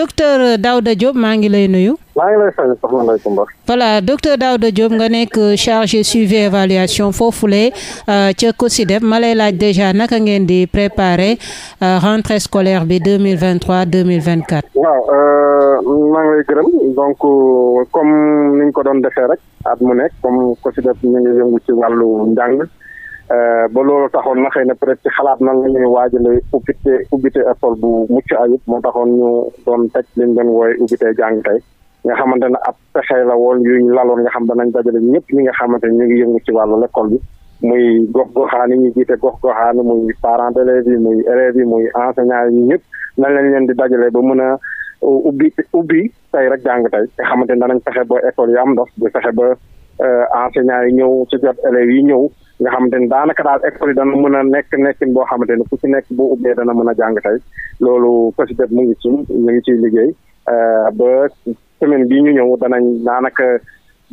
docteur Daouda Diop maa ngi lay nuyu. maa ngi lay fay soxna Ndeye Comba. voilà docteur Daouda Diop nga nekk euh, chargé suivi évaluation foofule euh, ca COSYDEP ma lay laaj déjà naka ngeen di préparer euh, rentrée scolaire bi deux mille vingt trois deux mille vingt quatre. waaw maa ngi lay gërëm donc comme ni ñu ko doon defee rek at mu nekk comme COSYDEP ñu ngi yëngu ci wàllu njàng. Euh, ba loolu taxoon na xëy na peut-être xalaat nan la ñuy waajale ubbite ubbite école bu mucc ayib moo taxoon ñu doon teg liñ doon wooye ubbite jàng tey nga xamante ne ab pexe la woon yuñ laloon nga xam danañ dajale ñëpp ñi nga xamante ne ñu ngi yëngu ci wàllu l'école bi muy gox goxaan yi ñu jiite gox goxaan muy parents d'élèves yi muy élèves yi muy enseignants ñëpp nañ lañ leen di dajale ba mën a ubbi ubbi tey rek jàng tey nga xamante ne danañ fexe bo école yi am ndox di fexe ba euh, enseignants yi ñëw ci jot élèves yi ñëw nga xamante ni daanaka daal école dana mën a nekk nekkin boo xamante ni ku ci nekk boo ubbee dana mën a jàng tey loolu peut-être mu ngi ci mu ngi ciy liggéey euh, ba semaine bii ñu ñëw danañ daanaka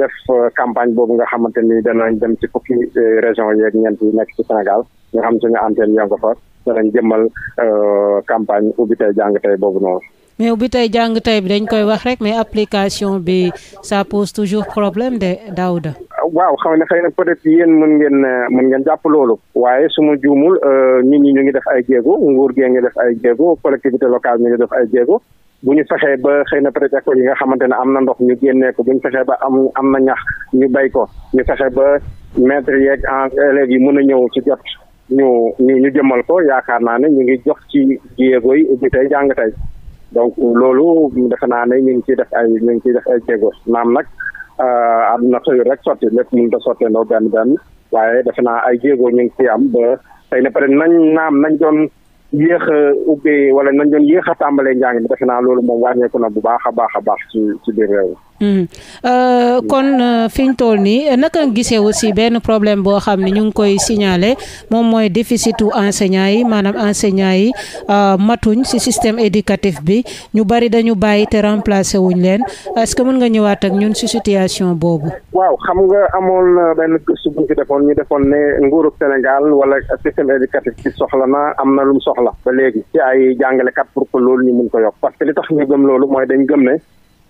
def euh, campagne boobu nga xamante ni danañ dem ci fukki euh, région yeeg ñeent yi nekk ci Sénégal nga xam suñu antenne yongo fa danañ jëmmal campagne ubbi tey jàng tey boobu noonu. mais ubbi tey jàng tey bi dañ koy wax rek mais application bi ça pose toujours problème de Daouda. waaw xam ne xëy na peut être yéen mën ngeen euh, mën ngeen jàpp loolu waaye su ma juumul euh, nit ñi ñu ngi def ay jéego nguur gee ngi def ay jéego collectivité locale mi ngi def ay jéego bu ñu fexee ba xëy na peut école yi nga xamante ne am na ndox ñu génnee ko bu ñu fexee ba am am na ñax ñu bay ko ñu fexe ba maître yeeg en élèves yi mën a ñëw ci jot ñu ñu ñu jëmal ko yaakaar naa ne ñu ngi jox ci jéego yi ubbi tey jàng tey donc loolu defe naa ne ñu ngi ciy def ay ñu ngi ciy def ay jéego naam nag Euh, am na xëy rek sotti lépp mënut a sotteendoo benn benn waaye defe naa ay jéego ñu ngi ciy am ba tey na pare nañ naam nañ doon yéex a wala nañ doon yéex a tàmbalee njàng mi defe naa loolu moom wàññeeku na bu baax a baax a baax ci ci biir réew Hmm. Euh, kon euh, fi ñu toll nii naka gisee aussi benn problème boo xam ne ñu ngi koy signaler moom mooy déficitu enseignants yi maanaam enseignants yi euh, matuñ ci système éducatif bi ñu bari dañu bàyyi te remplacer wuñ leen est-ce que mën nga ñëwaat ak ñun ci situation boobu. waaw xam nga amoon na benn gëstu bu ñu defoon ñu defoon ne nguuru Sénégal wala système éducatif bi soxla na am na lu mu soxla ba léegi ci ay jàngalekat pour que loolu ñu mun ko yokk parce que li tax ñu gëm loolu mooy dañ gëm ne.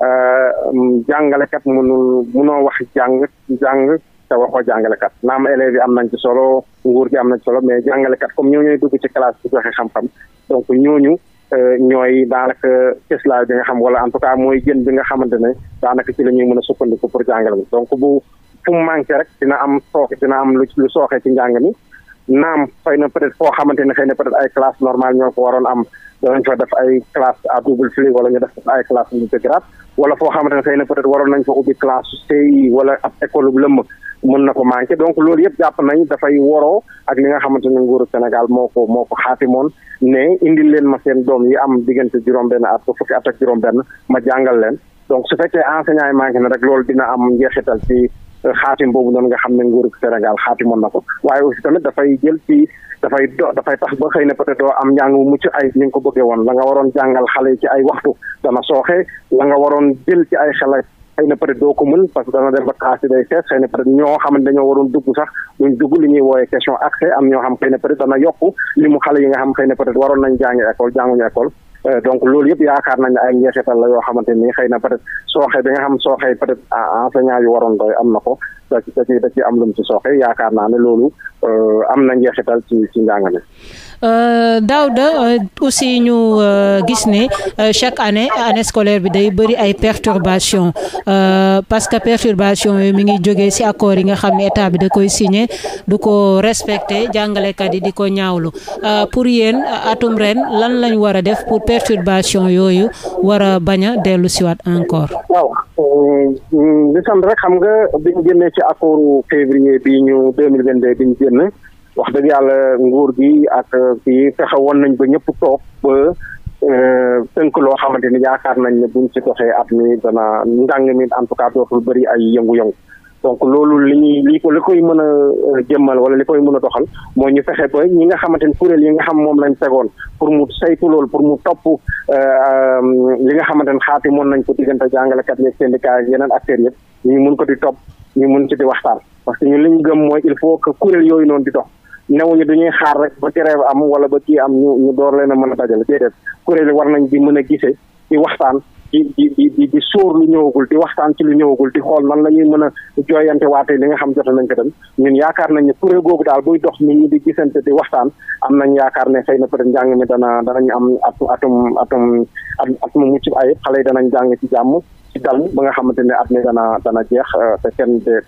jàngale euh, jàngalekat mënul mënoo wax jàng jàng te waxoo jàngalekat naam élèves am nañ ci solo nguur ji am nañ ci solo mais jàngalekat comme ñoo dugg ci classe bi joxe xam-xam donc ñooñu euh, ñooy daanaka cëslaay bi nga xam wala en tout cas mooy jën bi nga xamante ne daanaka ci la ñuy mën a sukkandiku pour jàngale mi donc bu fu mu rek dina am soox dina am lu lu sooxee ci njàng mi naam xëy na peut-être foo xamante ne xëy na peut-être ay classe normale ñoo ko waroon am danañ fa def ay classe à double flux wala ñu def ay classe multigrade wala foo xamante na peut être waroon nañ fa ubbi classe CI wala école bu lëmm mën na ko manqué donc loolu yëpp jàpp nañ dafay waroo ak li nga xamante ne Sénégal moo ko moo ko xaatimoon ne indil leen ma seen doom yi am diggante juróom-benn at ba fukki at juróom-benn ma jàngal leen donc su fekkee enseignant yi manqué na rek loolu dina am njeexital ci xaatim boobu noonu nga xam ne nguuru Sénégal xaatimoon na ko waaye aussi tamit dafay jël ci dafay dafay tax ba xëy na peut-être doo am mucc ay ni nga ko bëggee woon la nga waroon yi ci ay waxtu dana sooxe la nga waroon jël ci ay xale xëy na peut être doo ko mën parce que dana dem ba classe xëy na peut être ñoo waroon dugg sax duñ dugg li ñuy wooyee question accès am ñoo xam xëy na dana yokk li mu xale yi nga xam xëy na peut waroon nañ jàngi école jànguñu école Euh, donc loolu yëpp yaakaar nañ ne ay njeexital la yoo xamante ni na peut être sooxe bi nga xam sooxe peut être enseignant yu am na ko da ci am lu mu ci sooxe yaakaar naa ne loolu euh, am na njeexital ci ci njàng mi. Euh, Daouda aussi ñu gis ne chaque année année scolaire bi day bëri ay perturbations parce que perturbations yi mi ngi jógee ci accords yi nga xam ne état bi da koy signé du ko respecté jàngalekat yi di ko ñaawlu pour yéen atum ren lan lañ war def perturbation yooyu war a bañ a dellu siwaat encore. waaw euh, li rek xam nga biñ génnee ci accord février bi ñu deux mille vingt deux biñ génn wax dëgg yàlla nguur gi ak fii fexe woon nañ ba ñëpp toog ba euh, tënk loo xamante ni yaakaar nañ ne buñ ci doxee at mi dana njàng mi en tout cas dootul bëri ay yëngu-yëngu. donc loolu li ñuy li ko li koy mën a euh, jëmmal wala li koy mën a doxal mooy ñu fexe ba ñi nga xamante ni kuréel yi nga xam moom lañ tegoon pour mu saytu lool pour mu topp euh, um, li nga xamante ni xaati moon nañ ko diggante jàngale yeeg syndicat ak yeneen acteurs yëpp ñu mun ko di topp ñu mun ci di waxtaan parce que ñu li ñu gëm mooy il faut que kuréel yooyu noonu di dox newuñu ñuy xaar rek ba grève am wala ba kii am ñu ñu door leen a mën a dajal déedéet kuréel yi war nañ di mën a gisee di waxtaan di di di di sóor lu ñëwagul di waxtaan ci lu ñëwagul di xool nan la ñuy mën a jooyante waatee li nga xam jot nañ ko dem ñun yaakaar nañ ne kuréel googu daal buy dox nit ñi di gisante di waxtaan am nañ yaakaar ne xëy na peut être njàng mi dana danañ am atum atum atum atum mucc ayib xale yi danañ jàng ci jàmm ci dal ba nga xamante ne at mi dana dana jeex te kenn de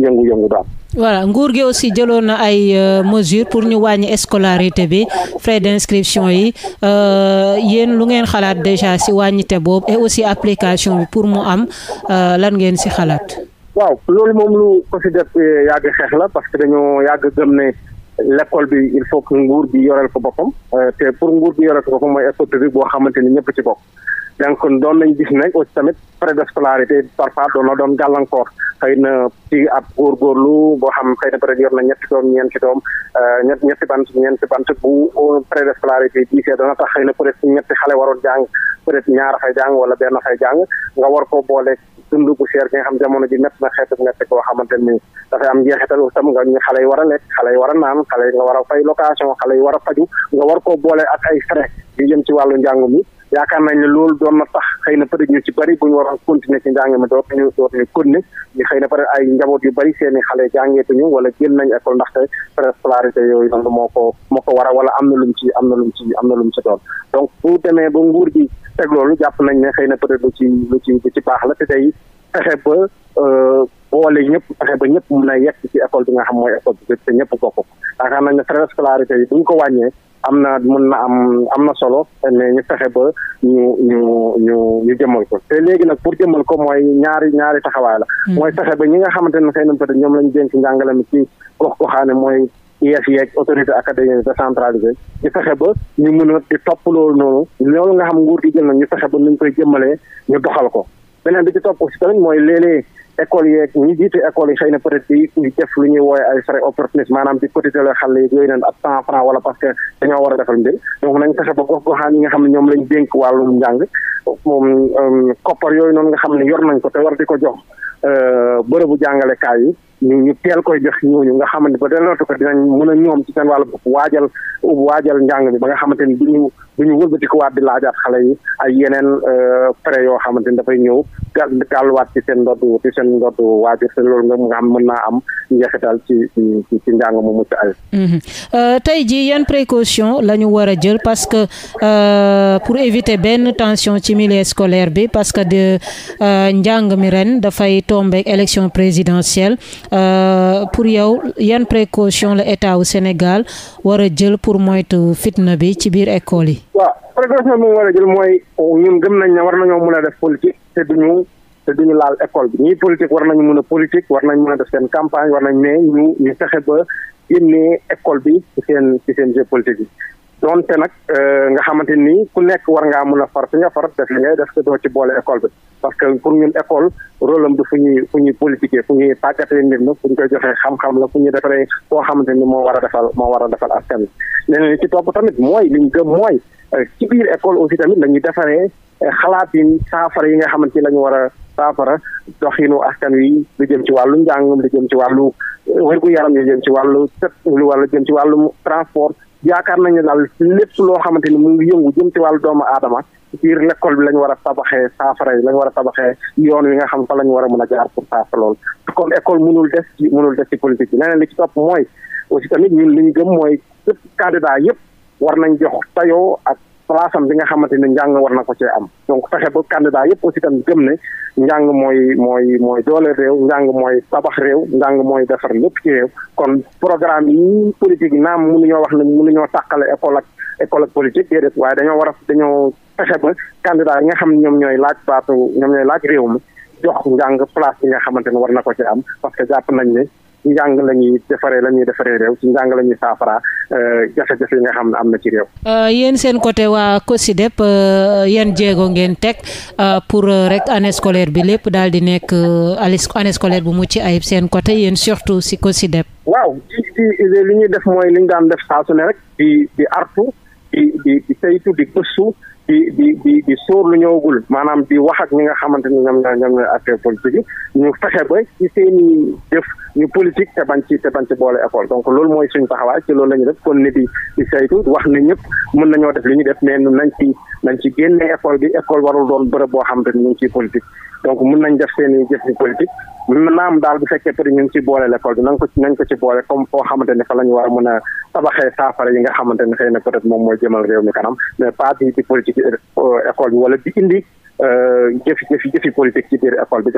yëngu-yëngu daal. waa nguur gi aussi jëloon na ay euh, mesures pour ñu wàññi scolarité bi frais d'inscription yi euh, yéen lu ngeen xalaat déjà si wàññite boobu aussi application bi pour mu am euh, lan ngeen si xalaat. waaw loolu moom lu ko def yàgg xeex la parce que dañoo yàgg gëm ne l'école bi il faut que nguur bi yoreel ko boppam te pour nguur bi yoreel ko boppam mooy école publique boo xamante ni ñépp ci bokk. donc doon nañ gis ne aussi tamit frais de scolarité parfois doon na doon gàllankoor xëy na ci ab góorgóorlu boo xam xëy na peut être yor na ñetti doom ñeenti doom euh, ñett ñetti bant ñeenti bant bu frais euh, de scolarité diisee dana tax xay na peut être ñetti xale waroon jàng peut être ñaar fay jàng wala benn fay jàng nga war ko boole dund bu cher bi nga xam jamono ji métt na xeetu métt koo xamante ni dafay am njeexital tam nga xale yi war a lekk xale yi war a naan xale yi nga war a fay location xale yi war a faju nga war koo boole ak ay frais yu jëm ci wàllu mi yaakaar nañ ne loolu doon na tax xëy na peut être ñu ci bëri bu waroon continuer ci njàng mi dootuñu dootuñu xëy na peut être ay njaboot yu bëri seen i xale jàngeetuñu wala génn nañ école ndaxte peut scolarité yooyu noonu moo ko moo ko waral wala am na lu mu ci am na lu ci am na lu mu ci doon donc bu demee ba nguur gi teg loolu jàpp nañ ne xëy na peut être lu ci lu ci lu ci baax la te tey fexe ba euh, boole ñëpp fexe ba ñëpp mun a yegg ci école bi nga xam mooy école bi te ñëpp bokk yaakaar nañ ne frais scolarité yi bu ko wàññee am na mun na am am na solo mais ñu fexe ba ñu ñu ñu ñu jëmal ko te léegi nag pour jëmal ko mooy ñaari ñaari taxawaay la. Hmm. mooy fexe ba ñi nga xamante ne xëy na peut-être ñoom lañ dénk njàngale mi ci gox goxaane mooy IEF yeeg autorité académique décentralisée ñu fexe ba ñu mën a di topp loolu noonu loolu nga xam nguur gi jël na ñu fexe ba nuñ koy jëmmalee ñu doxal ko beneen bi ci topp aussi tamit mooy léeg école yee ñi jiitu école yi xëy na peut-être di di def lu ñuy wooye ay frais opportunistes maanaam di cotiser la xale yi yooyu neen ab cent franc wala parce que dañoo war a defal mbir donc nañ fexe ba gox goxaan yi nga xam ne ñoom lañ dénk wàllum njàng moom euh, koppar yooyu noonu nga xam ne yor nañ ko te war di ko jox euh, bërëbu jàngalekaay yi ñu ñu teel koy jox ñooñu nga xamante ba dellootu ko dinañ mën a ñoom ci seen wàllu bopp waajal njàng bi ba nga xamante ni duñu duñu wëlbati ko waat di laajaat xale yi ay yeneen euh, frais xamante ni dafay ñëw gàlluwaat ci seen ndoddu ci seen ndoddu waajur te loolu nga nga xam mën naa am njeexital ci ci ci njàng mu mucc ay mm-hmm. euh, tey jii yan précaution la ñu a jël parce que euh, pour éviter benn tension ci milieu scolaire bi parce que de njàng mi ren dafay tombe élection présidentielle Euh, pour yow yan précaution la état wu Sénégal war jël pour moytu fitna bi ci biir école yi. waa précaution moom mu war a jël mooy ñun gëm nañ ne war nañoo mun a def politique te du ñu te duñu laal école bi ñii politique war nañu mun a politique war nañ mun def seen campagne war nañ ne ñu ñu fexe ba génnee école bi ci seen ci seen bi. donte nag euh, nga xamante ni ku nekk war ngaa mën a far fi nga far def li ngay def te doo ci boole école bi parce que pour ñun école rôle am du fu ñuy fu ñuy politiquer fu ñuy tàggatee nit na koy joxee xam-xam la fu ñuy koo xamante ni moo war a defal moo war a defal askan wi leneen li ci topp tamit mooy li ñu gëm mooy euh, ci biir école aussi tamit la defaree euh, xalaat yi saafara yi nga xamante ni la war a saafara doxinu askan wi du jëm ci wàllu njàng lu jëm ci wàllu wér gu yaram lu jëm ci wàllu set wala jëm ci wàllu transport yaakaar nañu daal lépp loo xamante ni mu ngi yëngu jëm ci wàllu doomu aadama biir l'école bi lañu war a tabaxee saafara yi lañu war a tabaxee yoon wi nga xam fa lañu war a mën a jaar pour saafara lool kon école munul des ci mënul des ci politique bi leneen li ci topp mooy aussi tamit ñun li ñu gëm mooy képp candidat yëpp war nañ jox tayoo ak place am bi nga xamante ne njàng war na ko cee am donc fexe ba candidat yëpp aussi tam gëm ne njàng mooy mooy mooy doole réew njàng mooy sabax réew njàng mooy defar lépp ci réew kon programme yi politique yi naam ñoo wax ne mënuñoo tàqale école ak école ak politique déedéet waaye dañoo war a dañoo fexe ba candidat yi nga xam ne ñoom ñooy laaj baatu ñoom ñooy laaj réew mi jox njàng place bi nga xamante ne war na ko cee am parce que jàpp nañ ne ci njàng la ñuy defaree la ñuy defaree réew ci njàng la ñuy saafara euh, jafe-jafe yi nga xam ne am na ci réew. Euh, yéen seen côté waa COSYDEP euh, yan jéego ngeen teg pour rek année scolaire bi lépp daal di nekk année scolaire bu mucc ayib seen côté yéen surtout si COSYDEP. waaw ci ci li ñuy def mooy li ñu daan def saa su ne rek di artu di di di gëstu. di di di di sóor lu ñëwagul maanaam di wax ak ñi nga xamante ni ñoom ñoo ñoom ñooy acteurs politique yi ñu fexe ba ci seen i jëf ñu politique te bañ ci te bañ ci boole école donc loolu mooy suñu taxawaay ci loolu la ñu def kon ne di di saytu wax ne ñëpp mën nañoo def li ñu def mais nañ ci nañ ci génne école bi école warul doon bërëb boo xamante ni ñu ngi ciy politique donc mën nañ def seen i jëf ñu politique naam daal bu fekkee peut ñu ngi ci boole l'école bi nañ ko ci nañ ko ci boole comme foo xamante ni fa la ñu war a mën a tabaxee saafara yi nga xamante ni xëy na peut être moom mooy jëmal réew mi kanam mais pas di di politique ci euh, école bi wala di indi euh, jëfi jëfi jëfi politique ci biir école bi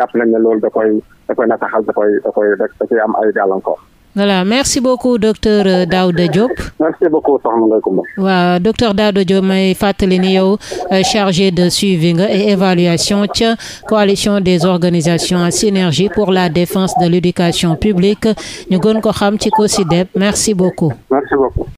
merci beaucoup docteur euh, Daouda Diop. merci beaucoup soxna Ndeye may fàttali ni yow chargé de suivi nga évaluation ca coalition des organisations à synergie pour la défense de l' publique ñu gën ko xam ci COSYDEP merci beaucoup.